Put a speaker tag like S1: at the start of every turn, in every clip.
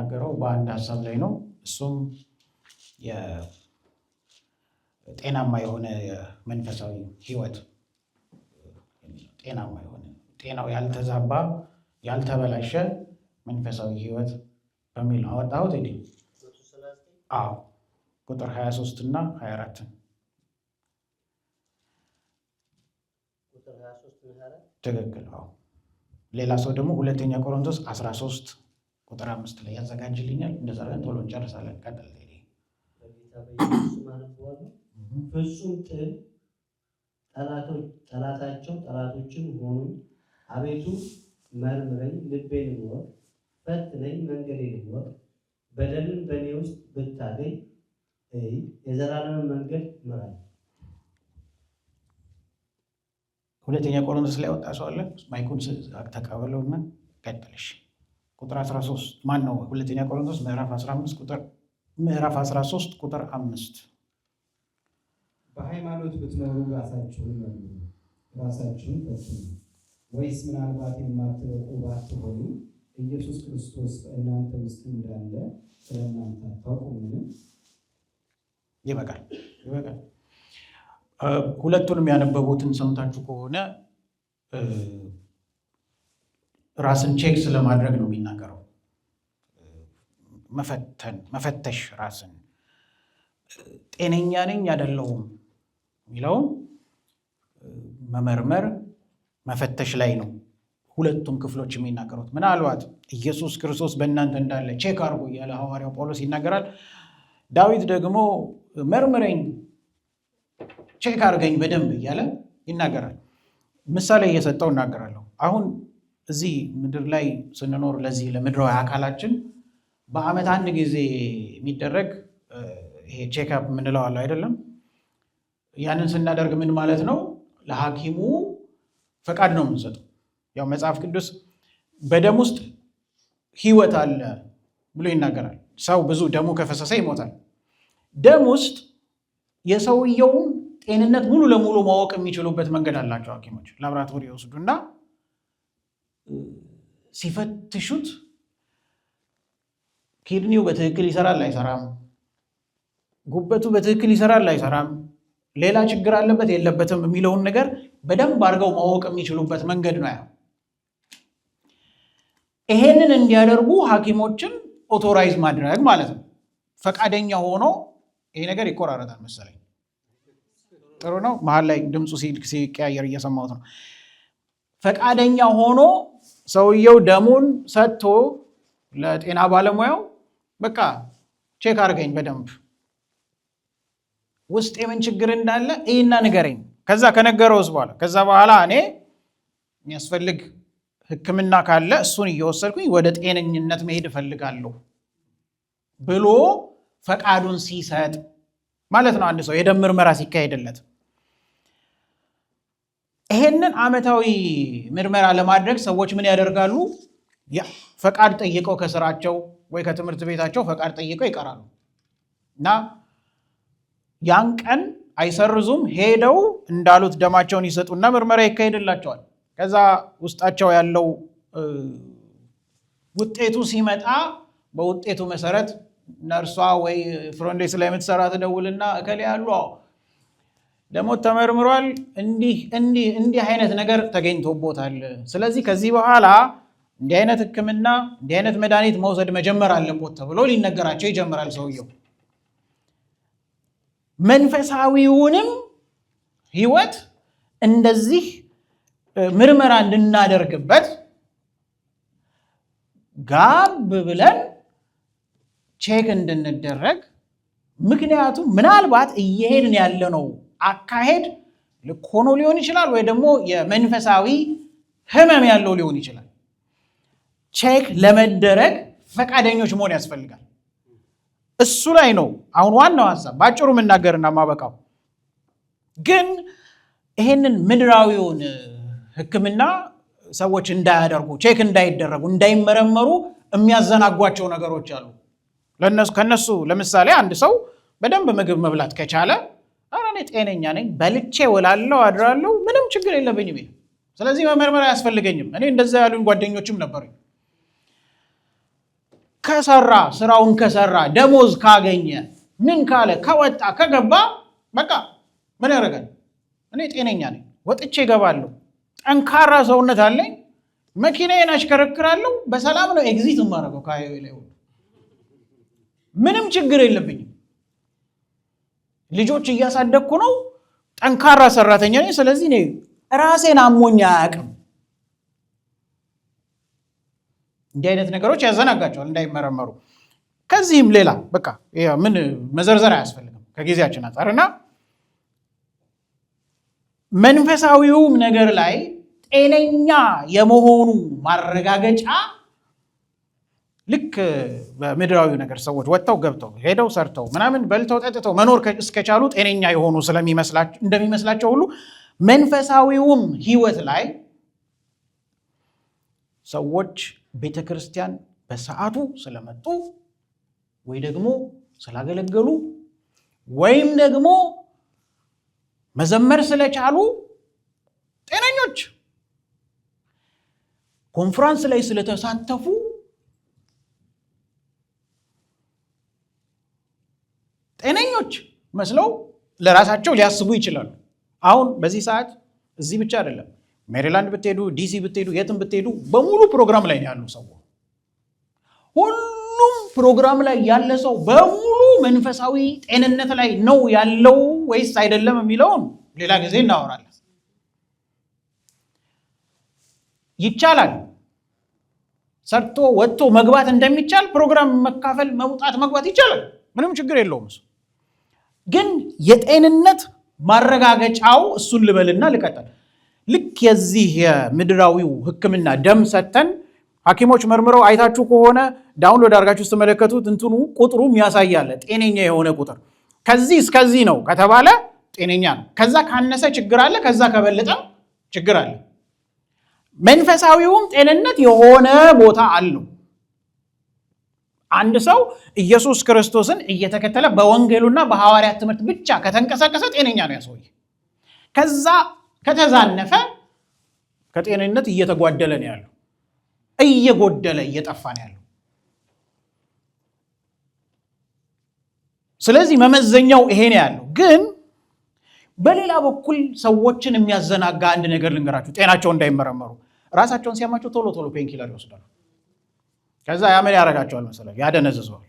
S1: የምናገረው በአንድ ሀሳብ ላይ ነው። እሱም ጤናማ የሆነ መንፈሳዊ ህይወት፣ ጤናማ የሆነ ጤናው ያልተዛባ ያልተበላሸ መንፈሳዊ ህይወት በሚል ነው አወጣሁት። ዲ አዎ ቁጥር 23 እና 24 ትክክል። ሌላ ሰው ደግሞ ሁለተኛ ቆሮንቶስ 13 ቁጥር አምስት ላይ ያዘጋጅልኛል። እንደዛ አድርገን ቶሎ እንጨርሳለን። ቀጥል።
S2: ፍጹም ጥል ጠላታቸው ጠላቶችን ሆኑ። አቤቱ መርምረኝ፣ ልቤን ወቅ፣ ፈትነኝ፣ መንገዴን ወቅ። በደልን በእኔ ውስጥ ብታገኝ እይ፣ የዘላለምን መንገድ ምራኝ።
S1: ሁለተኛ ቆሮንቶስ ላይ ወጣ ሰው አለ። ማይኩን ተቀበለውና ቀጥልሽ ቁጥር 13 ማን ነው? ሁለተኛ ቆሮንቶስ ምዕራፍ 15 ቁጥር ምዕራፍ 13 ቁጥር 5
S2: በሃይማኖት ብትኖሩ ራሳችሁን መሉ ራሳችሁን ፈትኑ፣ ወይስ ምናልባት የማትወቁ ባትሆኑ ኢየሱስ ክርስቶስ በእናንተ ውስጥ እንዳለ ስለ እናንተ አታውቁምን?
S1: ይበቃል፣ ይበቃል። ሁለቱንም ያነበቡትን ሰምታችሁ ከሆነ ራስን ቼክ ስለማድረግ ነው የሚናገረው። መፈተን መፈተሽ ራስን ጤነኛ ነኝ አይደለሁም የሚለውም መመርመር መፈተሽ ላይ ነው ሁለቱም ክፍሎች የሚናገሩት። ምናልባት ኢየሱስ ክርስቶስ በእናንተ እንዳለ ቼክ አድርጎ እያለ ሐዋርያው ጳውሎስ ይናገራል። ዳዊት ደግሞ መርምረኝ፣ ቼክ አድርገኝ በደንብ እያለ ይናገራል። ምሳሌ እየሰጠው እናገራለሁ አሁን እዚህ ምድር ላይ ስንኖር ለዚህ ለምድራዊ አካላችን በአመት አንድ ጊዜ የሚደረግ ይሄ ቼክአፕ የምንለው አይደለም። ያንን ስናደርግ ምን ማለት ነው? ለሐኪሙ ፈቃድ ነው የምንሰጠው። ያው መጽሐፍ ቅዱስ በደም ውስጥ ህይወት አለ ብሎ ይናገራል። ሰው ብዙ ደሙ ከፈሰሰ ይሞታል። ደም ውስጥ የሰውየውን ጤንነት ሙሉ ለሙሉ ማወቅ የሚችሉበት መንገድ አላቸው ሐኪሞች። ላብራቶሪ ይወስዱና ሲፈትሹት ኪድኒው በትክክል ይሰራል አይሰራም፣ ጉበቱ በትክክል ይሰራል አይሰራም፣ ሌላ ችግር አለበት የለበትም የሚለውን ነገር በደንብ አድርገው ማወቅ የሚችሉበት መንገድ ነው። ያ ይሄንን እንዲያደርጉ ሐኪሞችን ኦቶራይዝ ማድረግ ማለት ነው። ፈቃደኛ ሆኖ ይሄ ነገር ይቆራረጣል መሰለኝ። ጥሩ ነው። መሀል ላይ ድምፁ ሲቀያየር እየሰማሁት ነው። ፈቃደኛ ሆኖ ሰውየው ደሙን ሰጥቶ ለጤና ባለሙያው በቃ ቼክ አርገኝ በደንብ ውስጥ የምን ችግር እንዳለ ይህና ንገረኝ። ከዛ ከነገረውስ በኋላ ከዛ በኋላ እኔ የሚያስፈልግ ሕክምና ካለ እሱን እየወሰድኩኝ ወደ ጤነኝነት መሄድ እፈልጋለሁ ብሎ ፈቃዱን ሲሰጥ ማለት ነው። አንድ ሰው የደም ምርመራ ሲካሄድለት ይሄንን ዓመታዊ ምርመራ ለማድረግ ሰዎች ምን ያደርጋሉ? ፈቃድ ጠይቀው ከስራቸው ወይ ከትምህርት ቤታቸው ፈቃድ ጠይቀው ይቀራሉ እና ያን ቀን አይሰርዙም። ሄደው እንዳሉት ደማቸውን ይሰጡና ምርመራ ይካሄድላቸዋል። ከዛ ውስጣቸው ያለው ውጤቱ ሲመጣ በውጤቱ መሰረት ነርሷ ወይ ፍሮንዴስ ላይ የምትሰራ ትደውልና እከሌ ያሉ ደግሞ ተመርምሯል። እንዲህ እንዲህ እንዲህ አይነት ነገር ተገኝቶቦታል። ስለዚህ ከዚህ በኋላ እንዲህ አይነት ሕክምና እንዲህ አይነት መድኃኒት መውሰድ መጀመር አለቦት ተብሎ ሊነገራቸው ይጀምራል። ሰውየው መንፈሳዊውንም ህይወት እንደዚህ ምርመራ እንድናደርግበት ጋብ ብለን ቼክ እንድንደረግ ምክንያቱም ምናልባት እየሄድን ያለ ነው አካሄድ ልክ ሆኖ ሊሆን ይችላል፣ ወይ ደግሞ የመንፈሳዊ ህመም ያለው ሊሆን ይችላል። ቼክ ለመደረግ ፈቃደኞች መሆን ያስፈልጋል። እሱ ላይ ነው አሁን ዋናው ሀሳብ በአጭሩ የምናገርና ማበቃው። ግን ይሄንን ምድራዊውን ህክምና ሰዎች እንዳያደርጉ ቼክ እንዳይደረጉ እንዳይመረመሩ የሚያዘናጓቸው ነገሮች አሉ። ከነሱ ለምሳሌ አንድ ሰው በደንብ ምግብ መብላት ከቻለ ጤነኛ ነኝ፣ በልቼ እውላለሁ፣ አድራለሁ፣ ምንም ችግር የለብኝም። ስለዚህ መመርመር አያስፈልገኝም። እኔ እንደዛ ያሉኝ ጓደኞችም ነበሩኝ። ከሰራ ስራውን ከሰራ ደሞዝ ካገኘ ምን ካለ ከወጣ ከገባ በቃ ምን ያደርጋል? እኔ ጤነኛ ነኝ፣ ወጥቼ እገባለሁ፣ ጠንካራ ሰውነት አለኝ፣ መኪናዬን አሽከረክራለሁ፣ በሰላም ነው ኤግዚት የማደርገው ከሀይዌ ላይ ምንም ችግር የለብኝም። ልጆች እያሳደግኩ ነው። ጠንካራ ሰራተኛ ነኝ። ስለዚህ ራሴን አሞኝ አያቅም እንዲህ አይነት ነገሮች ያዘናጋቸዋል እንዳይመረመሩ። ከዚህም ሌላ በቃ ምን መዘርዘር አያስፈልግም ከጊዜያችን አንጻር እና መንፈሳዊውም ነገር ላይ ጤነኛ የመሆኑ ማረጋገጫ ልክ በምድራዊ ነገር ሰዎች ወጥተው ገብተው ሄደው ሰርተው ምናምን በልተው ጠጥተው መኖር እስከቻሉ ጤነኛ የሆኑ እንደሚመስላቸው ሁሉ መንፈሳዊውም ህይወት ላይ ሰዎች ቤተ ክርስቲያን በሰዓቱ ስለመጡ ወይ ደግሞ ስላገለገሉ ወይም ደግሞ መዘመር ስለቻሉ ጤነኞች፣ ኮንፍራንስ ላይ ስለተሳተፉ መስለው ለራሳቸው ሊያስቡ ይችላሉ። አሁን በዚህ ሰዓት እዚህ ብቻ አይደለም፣ ሜሪላንድ ብትሄዱ፣ ዲሲ ብትሄዱ፣ የትም ብትሄዱ በሙሉ ፕሮግራም ላይ ያሉ ሰው። ሁሉም ፕሮግራም ላይ ያለ ሰው በሙሉ መንፈሳዊ ጤንነት ላይ ነው ያለው ወይስ አይደለም የሚለውን ሌላ ጊዜ እናወራለን። ይቻላል ሰርቶ ወጥቶ መግባት እንደሚቻል ፕሮግራም መካፈል፣ መውጣት፣ መግባት ይቻላል። ምንም ችግር የለውም እሱ ግን የጤንነት ማረጋገጫው እሱን ልበልና ልቀጠል ልክ የዚህ የምድራዊው ሕክምና ደም ሰጥተን ሐኪሞች መርምረው አይታችሁ ከሆነ ዳውንሎድ አድርጋችሁ ስትመለከቱት እንትኑ ቁጥሩም ያሳያለ ጤነኛ የሆነ ቁጥር ከዚህ እስከዚህ ነው ከተባለ ጤነኛ ነው። ከዛ ካነሰ ችግር አለ፣ ከዛ ከበለጠ ችግር አለ። መንፈሳዊውም ጤንነት የሆነ ቦታ አለው። አንድ ሰው ኢየሱስ ክርስቶስን እየተከተለ በወንጌሉና በሐዋርያት ትምህርት ብቻ ከተንቀሳቀሰ ጤነኛ ነው ያ ከዛ ከተዛነፈ ከጤነኝነት እየተጓደለ ነው ያለው፣ እየጎደለ እየጠፋ ነው ያለው። ስለዚህ መመዘኛው ይሄን ያለው። ግን በሌላ በኩል ሰዎችን የሚያዘናጋ አንድ ነገር ልንገራቸው ጤናቸው እንዳይመረመሩ ራሳቸውን ሲያማቸው ቶሎ ቶሎ ፔንኪለር ይወስዳሉ። ከዛ ያምን ያደርጋቸዋል መሰለ ያደነዝዘዋል፣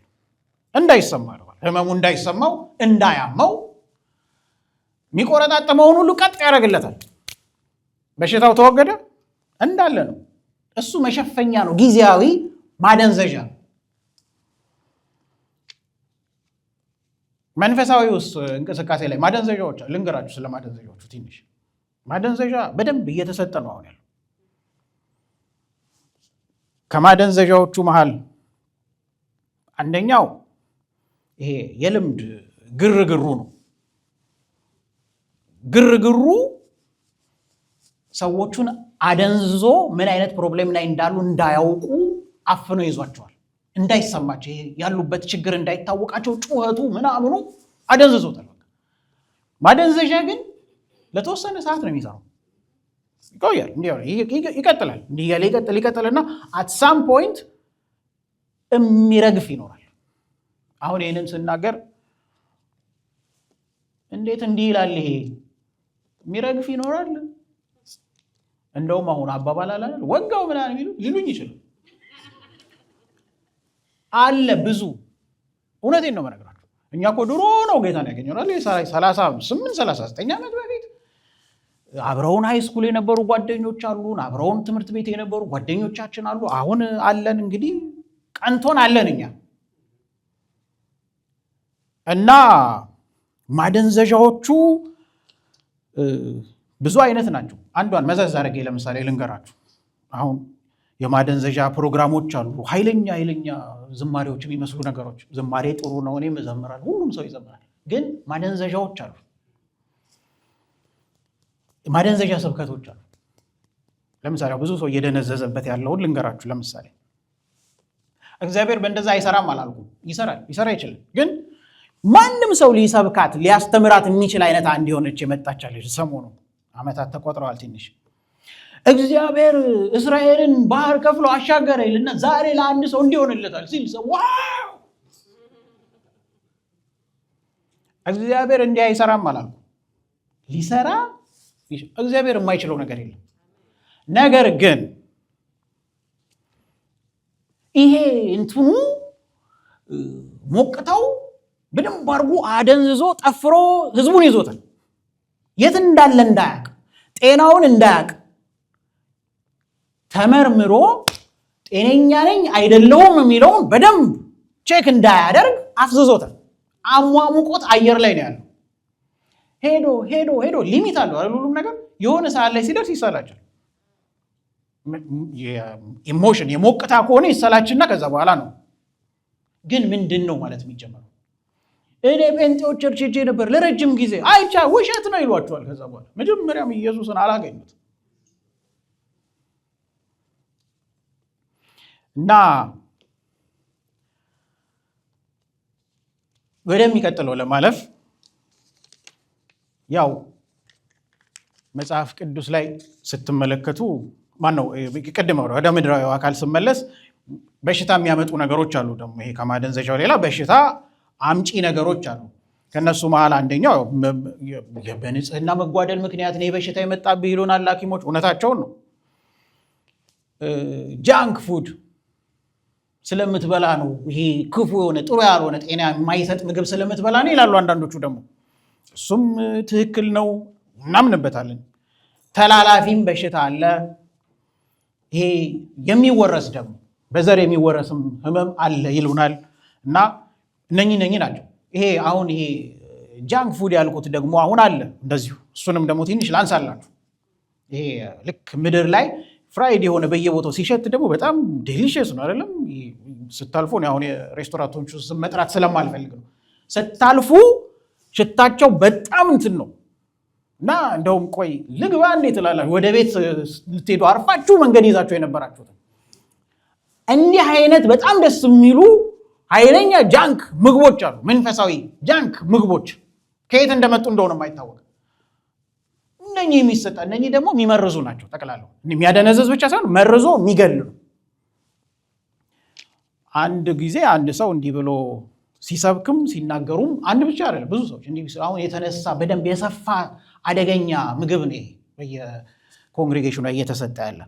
S1: እንዳይሰማ ህመሙ እንዳይሰማው እንዳያመው የሚቆረጣጠመውን ሁሉ ቀጥ ያደርግለታል። በሽታው ተወገደ እንዳለ ነው። እሱ መሸፈኛ ነው፣ ጊዜያዊ ማደንዘዣ መንፈሳዊ ውስጥ እንቅስቃሴ ላይ ማደንዘዣዎች ልንገራችሁ። ስለ ማደንዘዣዎቹ ትንሽ ማደንዘዣ በደንብ እየተሰጠ ነው አሁን ያለው ከማደንዘዣዎቹ መሃል አንደኛው ይሄ የልምድ ግርግሩ ነው። ግርግሩ ሰዎቹን አደንዝዞ ምን አይነት ፕሮብሌም ላይ እንዳሉ እንዳያውቁ አፍኖ ይዟቸዋል። እንዳይሰማቸው ያሉበት ችግር እንዳይታወቃቸው ጩኸቱ ምናምኑ አደንዝዞታል። ማደንዘዣ ግን ለተወሰነ ሰዓት ነው የሚሰራው። ይቆያል፣ ይቀጥላል፣ እንዲህ እያለ ይቀጥል ይቀጥልና አት ሳም ፖይንት የሚረግፍ ይኖራል። አሁን ይህንን ስናገር እንዴት እንዲህ ይላል ይሄ የሚረግፍ ይኖራል። እንደውም አሁን አባባል አላለ ወጋው ምናምን የሚሉ ሊሉኝ ይችላል። አለ ብዙ እውነቴን ነው መነግራቸው። እኛ እኮ ድሮ ነው ጌታን ያገኘናል። ሰላሳ ስምንት ሰላሳ ዘጠኝ ዓመት አብረውን ሃይስኩል የነበሩ ጓደኞች አሉን። አብረውን ትምህርት ቤት የነበሩ ጓደኞቻችን አሉ። አሁን አለን እንግዲህ ቀንቶን አለን እኛ እና ማደንዘዣዎቹ ብዙ አይነት ናቸው። አንዷን መዘዝ አድርጌ ለምሳሌ ልንገራችሁ። አሁን የማደንዘዣ ፕሮግራሞች አሉ። ኃይለኛ ኃይለኛ ዝማሬዎች የሚመስሉ ነገሮች። ዝማሬ ጥሩ ነው፣ እኔም እዘምራለሁ፣ ሁሉም ሰው ይዘምራል። ግን ማደንዘዣዎች አሉ። ማደንዘዣ ስብከቶች አሉ። ለምሳሌ ብዙ ሰው እየደነዘዘበት ያለውን ልንገራችሁ። ለምሳሌ እግዚአብሔር በእንደዛ አይሰራም አላልኩም። ይሰራል፣ ይሰራ ይችላል። ግን ማንም ሰው ሊሰብካት ሊያስተምራት የሚችል አይነት አንድ የሆነች የመጣቻለች ሰሞኑ አመታት ተቆጥረዋል። ትንሽ እግዚአብሔር እስራኤልን ባህር ከፍሎ አሻገረ ይልና ዛሬ ለአንድ ሰው እንዲሆንለታል ሲል ሰው ዋው! እግዚአብሔር እንዲህ አይሰራም አላልኩም። ሊሰራ እግዚአብሔር የማይችለው ነገር የለም። ነገር ግን ይሄ እንትኑ ሞቅተው በደንብ አድርጎ አደንዝዞ ጠፍሮ ህዝቡን ይዞታል። የት እንዳለ እንዳያቅ፣ ጤናውን እንዳያቅ ተመርምሮ ጤነኛ ነኝ አይደለውም የሚለውን በደንብ ቼክ እንዳያደርግ አፍዝዞታል። አሟሙቆት አየር ላይ ነው ያለው። ሄዶ ሄዶ ሄዶ ሊሚት አለው አይደል? ሁሉም ነገር የሆነ ሰዓት ላይ ሲደርስ ይሰላቻል። ኢሞሽን የሞቅታ ከሆነ ይሰላችና ከዛ በኋላ ነው። ግን ምንድን ነው ማለት የሚጀመረው? እኔ ጴንጤዎች ቸርች ሄጄ ነበር ለረጅም ጊዜ አይቻ ውሸት ነው ይሏቸዋል። ከዛ በኋላ መጀመሪያም ኢየሱስን አላገኙት እና ወደሚቀጥለው ለማለፍ ያው መጽሐፍ ቅዱስ ላይ ስትመለከቱ ማን ቅድም ወደ ምድራዊ አካል ስመለስ በሽታ የሚያመጡ ነገሮች አሉ። ደግሞ ይሄ ከማደንዘዣው ሌላ በሽታ አምጪ ነገሮች አሉ። ከነሱ መሀል አንደኛው በንጽህና መጓደል ምክንያት ነው በሽታ የመጣብህ ይሉናል ሐኪሞች። እውነታቸውን ነው። ጃንክ ፉድ ስለምትበላ ነው። ይሄ ክፉ የሆነ ጥሩ ያልሆነ ጤና የማይሰጥ ምግብ ስለምትበላ ነው ይላሉ አንዳንዶቹ ደግሞ እሱም ትክክል ነው፣ እናምንበታለን። ተላላፊም በሽታ አለ። ይሄ የሚወረስ ደግሞ በዘር የሚወረስም ህመም አለ ይሉናል። እና እነኚህ እነኚህ ናቸው። ይሄ አሁን ይሄ ጃንክ ፉድ ያልኩት ደግሞ አሁን አለ እንደዚሁ። እሱንም ደግሞ ትንሽ ላንሳላችሁ። ይሄ ልክ ምድር ላይ ፍራይድ የሆነ በየቦታው ሲሸት ደግሞ በጣም ዴሊሽስ ነው አይደለም? ስታልፉ አሁን የሬስቶራንቶቹ ስም መጥራት ስለማልፈልግ ነው። ስታልፉ ሽታቸው በጣም እንትን ነው እና እንደውም ቆይ ልግባ እንዴ ትላላችሁ። ወደ ቤት ልትሄዱ አርፋችሁ መንገድ ይዛችሁ የነበራችሁትን እንዲህ አይነት በጣም ደስ የሚሉ ኃይለኛ ጃንክ ምግቦች አሉ። መንፈሳዊ ጃንክ ምግቦች ከየት እንደመጡ እንደሆነ የማይታወቅ እነኚህ የሚሰጣ እነኚህ ደግሞ የሚመርዙ ናቸው። ጠቅላለሁ የሚያደነዘዝ ብቻ ሳይሆን መርዞ የሚገል ነው። አንድ ጊዜ አንድ ሰው እንዲህ ብሎ ሲሰብክም ሲናገሩም አንድ ብቻ አይደለም፣ ብዙ ሰዎች እንዲህ አሁን የተነሳ በደንብ የሰፋ አደገኛ ምግብ ነው በየኮንግሬጌሽኑ ላይ እየተሰጠ ያለ።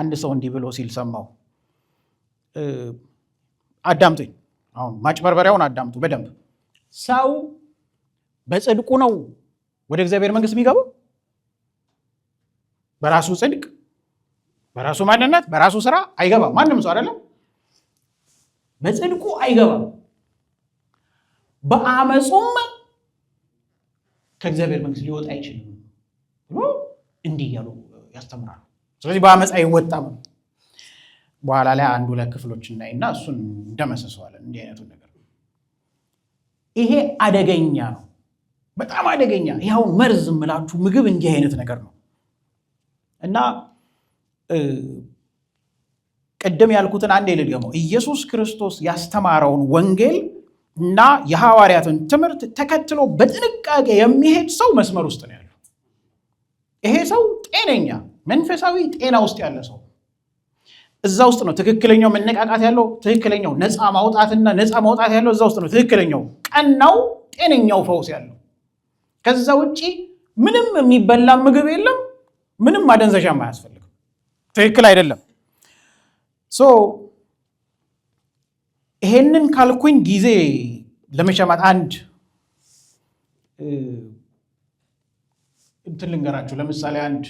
S1: አንድ ሰው እንዲህ ብሎ ሲል ሰማው። አዳምጡኝ፣ አሁን ማጭበርበሪያውን አዳምጡ በደንብ። ሰው በጽድቁ ነው ወደ እግዚአብሔር መንግስት የሚገባው፣ በራሱ ጽድቅ፣ በራሱ ማንነት፣ በራሱ ስራ አይገባም። ማንም ሰው አይደለም በጽድቁ አይገባም። በአመፁም ከእግዚአብሔር መንግስት ሊወጣ አይችልም ብሎ እንዲህ እያሉ ያስተምራሉ። ስለዚህ በአመፅ አይወጣም። በኋላ ላይ አንዱ ሁለት ክፍሎች እናይና እሱን እንደመሰሰዋለን። እንዲህ አይነቱ ነገር ይሄ አደገኛ ነው፣ በጣም አደገኛ። ይኸውን መርዝ የምላችሁ ምግብ እንዲህ አይነት ነገር ነው እና ቅድም ያልኩትን አንዴ ልድገመው። ኢየሱስ ክርስቶስ ያስተማረውን ወንጌል እና የሐዋርያትን ትምህርት ተከትሎ በጥንቃቄ የሚሄድ ሰው መስመር ውስጥ ነው ያለው። ይሄ ሰው ጤነኛ መንፈሳዊ ጤና ውስጥ ያለ ሰው እዛ ውስጥ ነው ትክክለኛው መነቃቃት ያለው፣ ትክክለኛው ነፃ ማውጣትና ነፃ ማውጣት ያለው እዛ ውስጥ ነው። ትክክለኛው ቀናው ጤነኛው ፈውስ ያለው። ከዛ ውጭ ምንም የሚበላ ምግብ የለም፣ ምንም ማደንዘዣም አያስፈልግም። ትክክል አይደለም። ይሄንን ካልኩኝ ጊዜ ለመሸማት አንድ እንትን ልንገራችሁ። ለምሳሌ አንድ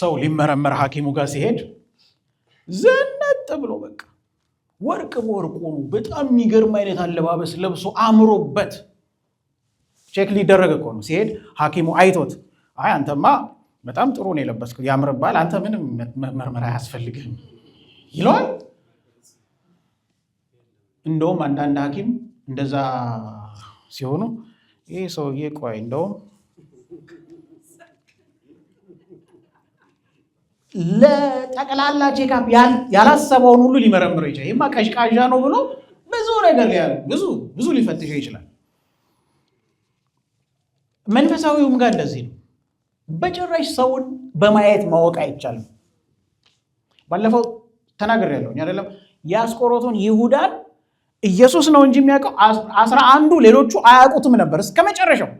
S1: ሰው ሊመረመር ሀኪሙ ጋር ሲሄድ ዘነጥ ብሎ በቃ ወርቅ በወርቁ በጣም የሚገርም አይነት አለባበስ ለብሶ አምሮበት ቼክ ሊደረግ እኮ ነው። ሲሄድ ሀኪሙ አይቶት አይ አንተማ በጣም ጥሩ ነው የለበስክ ያምርባል፣ አንተ ምንም መርመራ አያስፈልግህም ይለዋል። እንደውም አንዳንድ ሐኪም እንደዛ ሲሆኑ ይህ ሰውዬ ቆይ እንደውም ለጠቅላላ ቼካፕ ያላሰበውን ሁሉ ሊመረምረው ይችላል። ይህማ ቀዥቃዣ ነው ብሎ ብዙ ነገር ያሉ ብዙ ብዙ ሊፈትሸው ይችላል። መንፈሳዊውም ጋር እንደዚህ ነው። በጭራሽ ሰውን በማየት ማወቅ አይቻልም። ባለፈው ተናግሬያለሁ አይደለም? የአስቆሮቱን ይሁዳን ኢየሱስ ነው እንጂ የሚያውቀው አስራ አንዱ ሌሎቹ አያውቁትም ነበር እስከ መጨረሻው።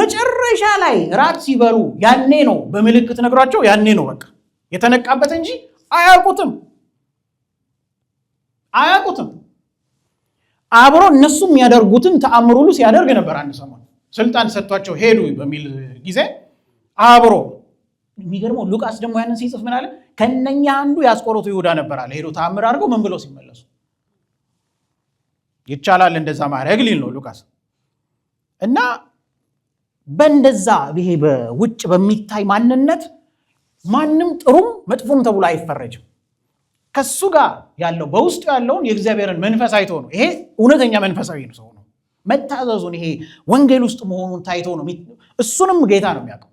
S1: መጨረሻ ላይ ራት ሲበሉ ያኔ ነው በምልክት ነግሯቸው፣ ያኔ ነው በቃ የተነቃበት እንጂ አያውቁትም አያውቁትም። አብሮ እነሱ የሚያደርጉትን ተአምር ሁሉ ሲያደርግ ነበር። አንድ ሰሞን ስልጣን ሰጥቷቸው ሄዱ በሚል ጊዜ አብሮ የሚገርመው ሉቃስ ደግሞ ያንን ሲጽፍ ምናለ ከነኛ አንዱ ያስቆሮቱ ይሁዳ ነበር አለ ሄዶ ተአምር አድርገው ምን ብለው ሲመለሱ ይቻላል እንደዛ ማድረግ ሊል ነው ሉቃስ እና በእንደዛ ይሄ በውጭ በሚታይ ማንነት ማንም ጥሩም መጥፎም ተብሎ አይፈረጅም። ከሱ ጋር ያለው በውስጡ ያለውን የእግዚአብሔርን መንፈስ አይቶ ነው። ይሄ እውነተኛ መንፈሳዊ ሰው ነው። መታዘዙን ይሄ ወንጌል ውስጥ መሆኑን ታይቶ ነው። እሱንም ጌታ ነው የሚያውቀው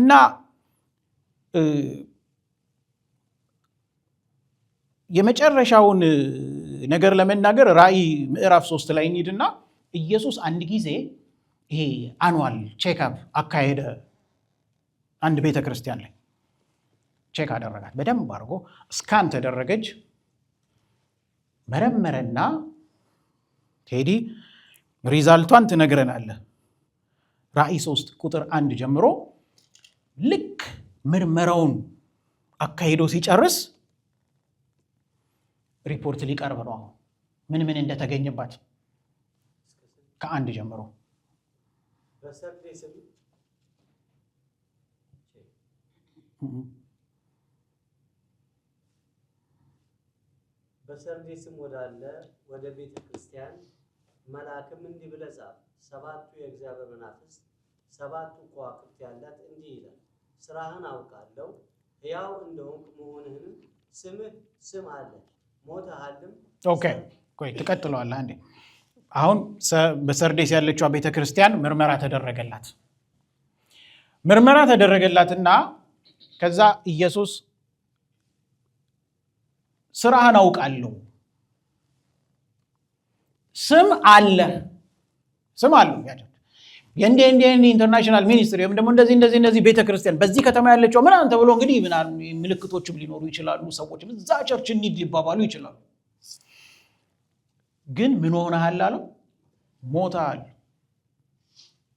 S1: እና የመጨረሻውን ነገር ለመናገር ራእይ ምዕራፍ ሶስት ላይ እንሂድና ኢየሱስ አንድ ጊዜ ይሄ አኑዋል ቼክፕ አካሄደ። አንድ ቤተ ክርስቲያን ላይ ቼክ አደረጋት፣ በደንብ አድርጎ እስካን ተደረገች፣ መረመረና ቴዲ ሪዛልቷን ትነግረናለ ራእይ ሶስት ቁጥር አንድ ጀምሮ ልክ ምርመራውን አካሂዶ ሲጨርስ ሪፖርት ሊቀርብ ነው። አሁን ምን ምን እንደተገኘባት ከአንድ ጀምሮ
S2: በሰርዴ ስም ወዳለ ወደ ቤተ ክርስቲያን መልአክም እንዲህ ብለህ ጻፍ፣ ሰባቱ የእግዚአብሔር መናፍስት ሰባቱ ከዋክብት ያላት እንዲህ ይላል፣ ስራህን አውቃለሁ፣ ሕያው እንደሆንክ መሆንህንም ስምህ ስም አለ
S1: ኦኬ ቆይ ትቀጥለዋለህ አንዴ አሁን በሰርዴስ ያለችው ቤተ ክርስቲያን ምርመራ ተደረገላት ምርመራ ተደረገላትና ከዛ ኢየሱስ ስራህን አውቃለሁ ስም አለ ስም አለው የእንዲህ ኢንተርናሽናል ሚኒስትሪ ወይም ደግሞ እንደዚህ እንደዚህ እንደዚህ ቤተክርስቲያን በዚህ ከተማ ያለችው ምናምን ተብሎ እንግዲህ ምልክቶችም ሊኖሩ ይችላሉ። ሰዎችም እዛ ቸርች እንሂድ ሊባባሉ ይችላሉ። ግን ምን ሆነሃል አለው፣ ሞታል።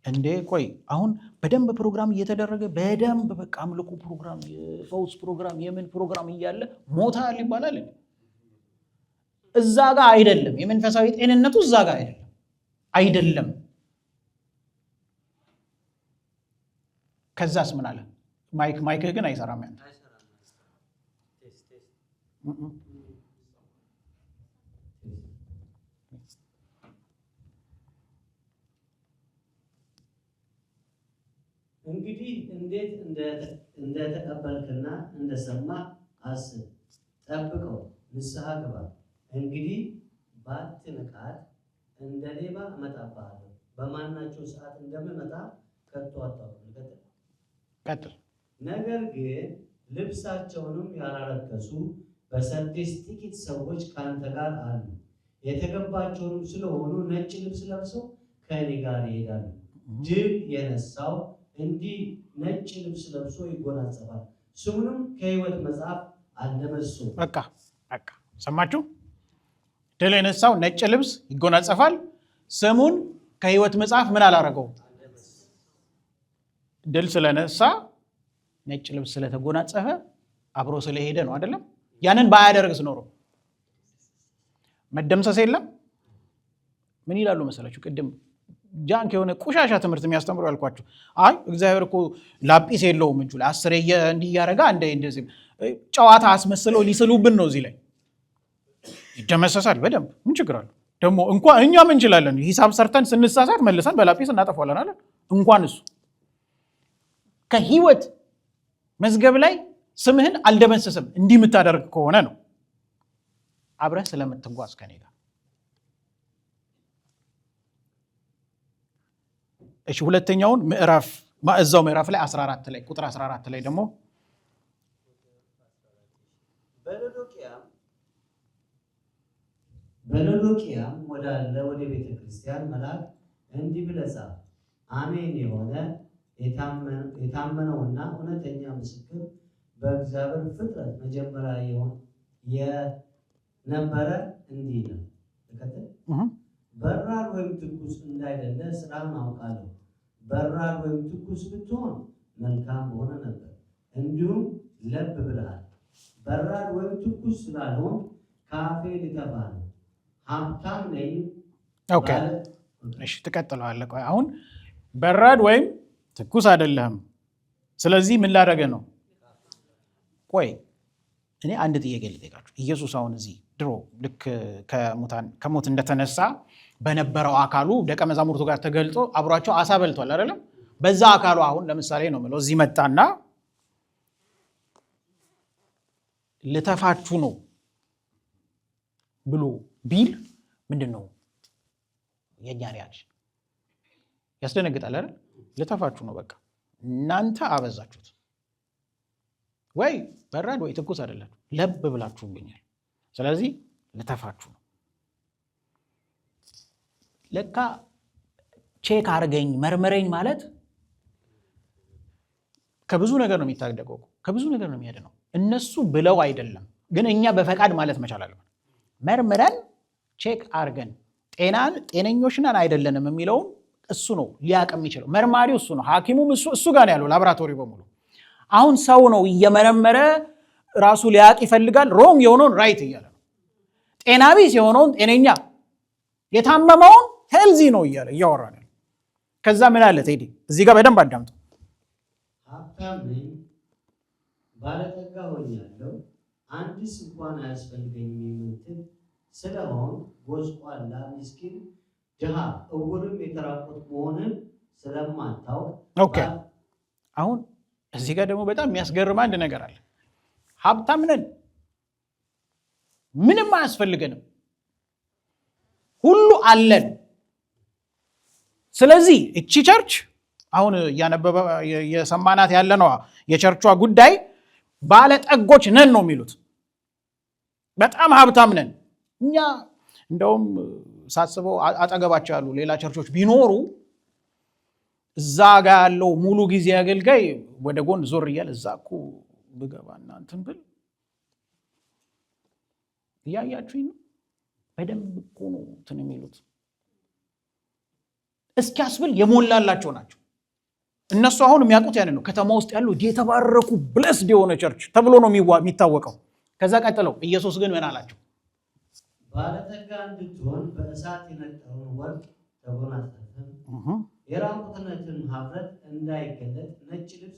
S1: እንዴ ቆይ አሁን በደንብ ፕሮግራም እየተደረገ በደንብ በቃ አምልኮ ፕሮግራም፣ የፈውስ ፕሮግራም፣ የምን ፕሮግራም እያለ ሞታል ይባላል? እዛ ጋር አይደለም። የመንፈሳዊ ጤንነቱ እዛ ጋር አይደለም አይደለም ከዛስ ምን አለ? ማይክ ማይክህ ግን አይሰራም። ያን
S2: እንግዲህ እንዴት እንደተቀበልክና እንደሰማ አስብ፣ ጠብቀው፣ ንስሐ ግባ። እንግዲህ ባትንቃት እንደ ሌባ እመጣብሃለሁ፣ በማናቸው ሰዓት እንደምመጣ ከቶ አታውቅም። ቀጥል። ነገር ግን ልብሳቸውንም ያላረከሱ በሰርዴስ ጥቂት ሰዎች ከአንተ ጋር አሉ። የተገባቸውንም ስለሆኑ ነጭ ልብስ ለብሰው ከእኔ ጋር ይሄዳሉ። ድል የነሳው እንዲህ ነጭ ልብስ ለብሶ ይጎናጸፋል፣ ስሙንም ከሕይወት መጽሐፍ አለመሱ።
S1: በቃ በቃ ሰማችሁ። ድል የነሳው ነጭ ልብስ ይጎናጸፋል፣ ስሙን ከሕይወት መጽሐፍ ምን አላረገው ድል ስለነሳ ነጭ ልብስ ስለተጎናጸፈ አብሮ ስለሄደ ነው አይደለም። ያንን ባያደርግስ ኖሮ መደምሰስ የለም። ምን ይላሉ መሰላችሁ? ቅድም ጃንክ የሆነ ቁሻሻ ትምህርት የሚያስተምሩ ያልኳቸው አይ እግዚአብሔር እኮ ላጲስ የለውም እጁ ላይ አስር እንዲያረጋ እንደ እንደዚህ ጨዋታ አስመስለው ሊስሉብን ነው። እዚህ ላይ ይደመሰሳል በደንብ ምን ችግር አለ? ደግሞ እንኳን እኛም እንችላለን። ሂሳብ ሰርተን ስንሳሳት መልሰን በላጲስ እናጠፋለን አለ እንኳን እሱ ከህይወት መዝገብ ላይ ስምህን አልደመሰሰም። እንዲህ የምታደርግ ከሆነ ነው አብረህ ስለምትጓዝ ከኔ ጋር። እሺ ሁለተኛውን ምዕራፍ እዛው ምዕራፍ ላይ 14 ላይ ቁጥር 14 ላይ ደግሞ
S2: በሎዶቅያም ወዳለ ወደ ቤተ ክርስቲያን መልአክ እንዲህ ብለህ ጻፍ አሜን የሆነ የታመነውና እውነተኛ ምስክር በእግዚአብሔር ፍጥረት መጀመሪያ የሆን የነበረ እንዲህ ነው። ተከተል በራር ወይም ትኩስ እንዳይደለ ስራም አውቃለሁ። በራር ወይም ትኩስ ብትሆን መልካም በሆነ ነበር። እንዲሁም ለብ ብለሃል። በራር ወይም ትኩስ ስላልሆን ካፌ ልጠፋ ነው። ሀብታም ነኝ።
S1: ኦኬ፣ እሺ፣ ትቀጥለዋለህ። ቆይ አሁን በራድ ወይም ትኩስ አይደለህም። ስለዚህ ምን ላደረገ ነው? ቆይ እኔ አንድ ጥያቄ ልጠይቃችሁ። ኢየሱስ አሁን እዚህ ድሮ ልክ ከሞት እንደተነሳ በነበረው አካሉ ደቀ መዛሙርቱ ጋር ተገልጦ አብሯቸው አሳ በልቷል አይደለም? በዛ አካሉ አሁን ለምሳሌ ነው የምለው እዚህ መጣና ልተፋችሁ ነው ብሎ ቢል ምንድን ነው የእኛ ሪያክሽን? ያስደነግጣል አይደል? ልተፋችሁ ነው በቃ እናንተ አበዛችሁት። ወይ በራድ ወይ ትኩስ አይደላችሁ፣ ለብ ብላችሁብኛል። ስለዚህ ልተፋችሁ ነው። ለካ ቼክ አርገኝ መርምረኝ ማለት ከብዙ ነገር ነው የሚታደገው፣ ከብዙ ነገር ነው ነው። እነሱ ብለው አይደለም ግን እኛ በፈቃድ ማለት መቻል አለብን። መርምረን ቼክ አርገን ጤናን ጤነኞች ነን አይደለንም የሚለውን እሱ ነው ሊያቅ የሚችለው። መርማሪው እሱ ነው፣ ሐኪሙም እሱ ጋር ነው ያለው ላብራቶሪ በሙሉ። አሁን ሰው ነው እየመረመረ ራሱ ሊያቅ ይፈልጋል። ሮንግ የሆነውን ራይት እያለ ነው። ጤና ቢስ የሆነውን ጤነኛ፣ የታመመውን ሄልዚ ነው እያለ እያወራ ነው። ከዛ ምን አለ ቴዲ፣ እዚህ ጋር በደንብ አዳምጡ።
S2: ባለጠጋ ሆኛለሁ፣ እንኳን የምትል ስለሆን ጎስቋላ ምስኪን ድሃ እውርም የተራቆት መሆንን ስለማታውቅ።
S1: አሁን እዚህ ጋር ደግሞ በጣም የሚያስገርም አንድ ነገር አለ። ሀብታም ነን፣ ምንም አያስፈልገንም፣ ሁሉ አለን። ስለዚህ እቺ ቸርች አሁን እያነበበ የሰማናት ያለነው የቸርቿ ጉዳይ ባለጠጎች ነን ነው የሚሉት። በጣም ሀብታም ነን እኛ እንደውም ሳስበው አጠገባቸው ያሉ ሌላ ቸርቾች ቢኖሩ እዛ ጋ ያለው ሙሉ ጊዜ አገልጋይ ወደ ጎን ዞር እያል እዛ እኮ ብገባና እንትን ብል እያያችሁኝ ነው። በደንብ እኮ ነው እንትን የሚሉት እስኪያስብል የሞላላቸው ናቸው። እነሱ አሁን የሚያውቁት ያንን ነው። ከተማ ውስጥ ያሉ የተባረኩ ብለስድ የሆነ ቸርች ተብሎ ነው የሚታወቀው። ከዛ ቀጥለው ኢየሱስ ግን ምን አላቸው?
S2: ባለጠጋ እንድትሆን በእሳት የነጠረውን ወርቅ ተጎናጸፍን። የራቁትነትን ሀብረት እንዳይገለጥ ነጭ ልብስ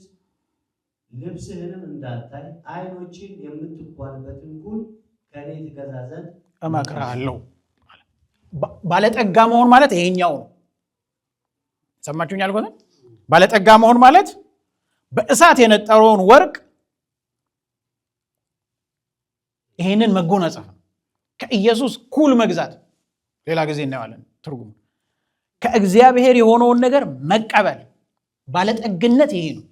S2: ልብስህንም እንዳታይ አይኖችን የምትኳልበትን ጉል ከእኔ ትገዛ ዘንድ
S1: እመክርሃለሁ። ባለጠጋ መሆን ማለት ይሄኛው ነው። ሰማችሁኝ አልጎትም። ባለጠጋ መሆን ማለት በእሳት የነጠረውን ወርቅ ይሄንን መጎናጸፍ ነው። ከኢየሱስ ኩል መግዛት፣ ሌላ ጊዜ እናየዋለን ትርጉም ከእግዚአብሔር የሆነውን ነገር መቀበል ባለጠግነት ይሄ ነው።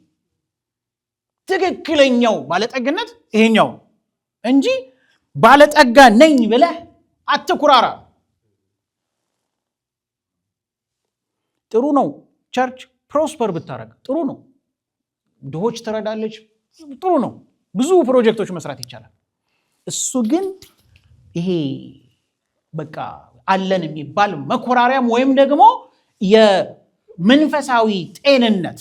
S1: ትክክለኛው ባለጠግነት ይሄኛው እንጂ ባለጠጋ ነኝ ብለህ አትኩራራ። ጥሩ ነው ቸርች ፕሮስፐር ብታረግ ጥሩ ነው። ድሆች ትረዳለች፣ ጥሩ ነው። ብዙ ፕሮጀክቶች መስራት ይቻላል። እሱ ግን ይሄ በቃ አለን የሚባል መኮራሪያም ወይም ደግሞ የመንፈሳዊ ጤንነት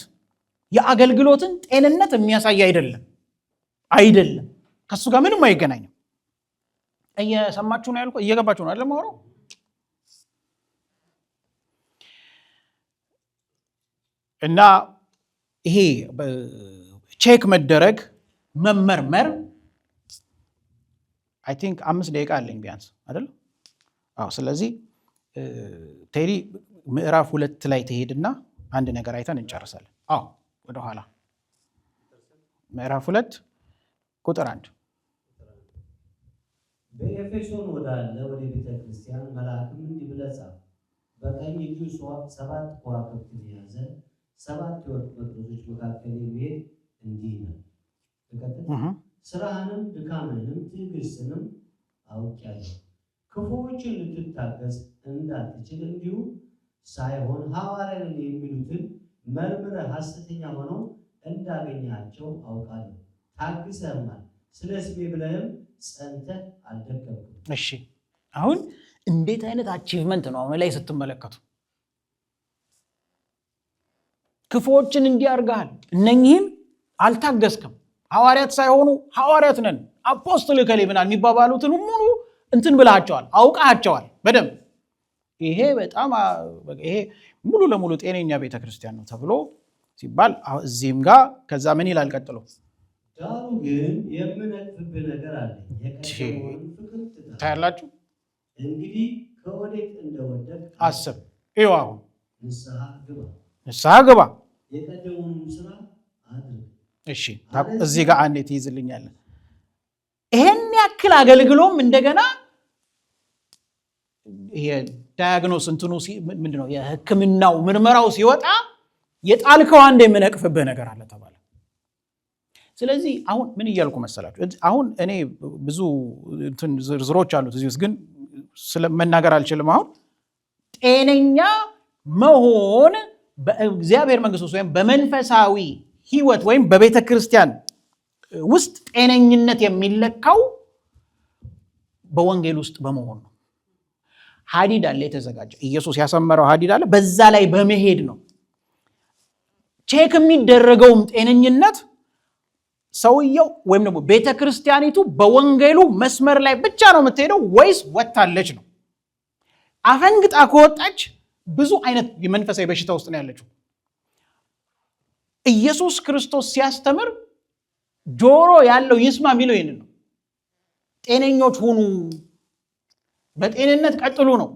S1: የአገልግሎትን ጤንነት የሚያሳይ አይደለም አይደለም። ከሱ ጋር ምንም አይገናኝም። እየሰማችሁ ነው እየገባችሁ ነው አይደለም? አውሮ እና ይሄ ቼክ መደረግ መመርመር አይ ቲንክ አምስት ደቂቃ አለኝ ቢያንስ አይደል? አዎ። ስለዚህ ቴሪ ምዕራፍ ሁለት ላይ ትሄድና አንድ ነገር አይተን እንጨርሳለን። አዎ፣ ወደኋላ ምዕራፍ ሁለት ቁጥር አንድ
S2: በኤፌሶን ወዳለ ወደ ቤተ ክርስቲያን መልአክም እንዲህ ብለህ ጻፍ። በቀኝ እጁ ሰባት ከዋክብትን የያዘ ሰባት የወርቅ መቅረዞች መካከል የሚሄድ እንዲህ ነው። ስራህንም ድካምህንም ትዕግስትንም አውቄያለሁ። ክፉዎችን ልትታገስ እንዳትችል እንዲሁ ሳይሆን ሐዋርያን የሚሉትን መርምረ ሐሰተኛ ሆነው እንዳገኛቸው አውቃለሁ። ታግሰማል ስለ ስሜ ብለህም ጸንተህ አልደከምክም።
S1: እሺ አሁን እንዴት አይነት አቺቭመንት ነው አሁን ላይ ስትመለከቱ ክፉዎችን እንዲህ አድርገሃል፣ እነኚህን አልታገስክም ሐዋርያት ሳይሆኑ ሐዋርያት ነን አፖስትል ከሌ ምናል የሚባባሉትን ሙሉ እንትን ብላቸዋል፣ አውቃቸዋል በደም ይሄ በጣም ይሄ ሙሉ ለሙሉ ጤነኛ ቤተክርስቲያን ነው ተብሎ ሲባል እዚህም ጋር ከዛ ምን ይላል ቀጥሎ ታያላችሁ። አስብ ይኸው አሁን ንስሐ ግባ እሺ እዚህ ጋር አንዴ ትይዝልኛለን። ይሄን ያክል አገልግሎም እንደገና ዳያግኖስ እንትኑ ምንድነው የህክምናው ምርመራው ሲወጣ የጣልከው አንድ የምነቅፍብህ ነገር አለ ተባለ። ስለዚህ አሁን ምን እያልኩ መሰላችሁ? አሁን እኔ ብዙ ዝርዝሮች አሉት እዚህ ውስጥ ግን መናገር አልችልም። አሁን ጤነኛ መሆን በእግዚአብሔር መንግስት ውስጥ ወይም በመንፈሳዊ ህይወት ወይም በቤተ ክርስቲያን ውስጥ ጤነኝነት የሚለካው በወንጌል ውስጥ በመሆን ነው። ሀዲድ አለ የተዘጋጀ ኢየሱስ ያሰመረው ሀዲድ አለ። በዛ ላይ በመሄድ ነው ቼክ የሚደረገውም ጤነኝነት ሰውየው ወይም ደግሞ ቤተ ክርስቲያኒቱ በወንጌሉ መስመር ላይ ብቻ ነው የምትሄደው ወይስ ወታለች ነው። አፈንግጣ ከወጣች ብዙ አይነት የመንፈሳዊ በሽታ ውስጥ ነው ያለችው። ኢየሱስ ክርስቶስ ሲያስተምር ጆሮ ያለው ይስማ የሚለው ይህንን ነው። ጤነኞች ሁኑ፣ በጤንነት ቀጥሉ ነው።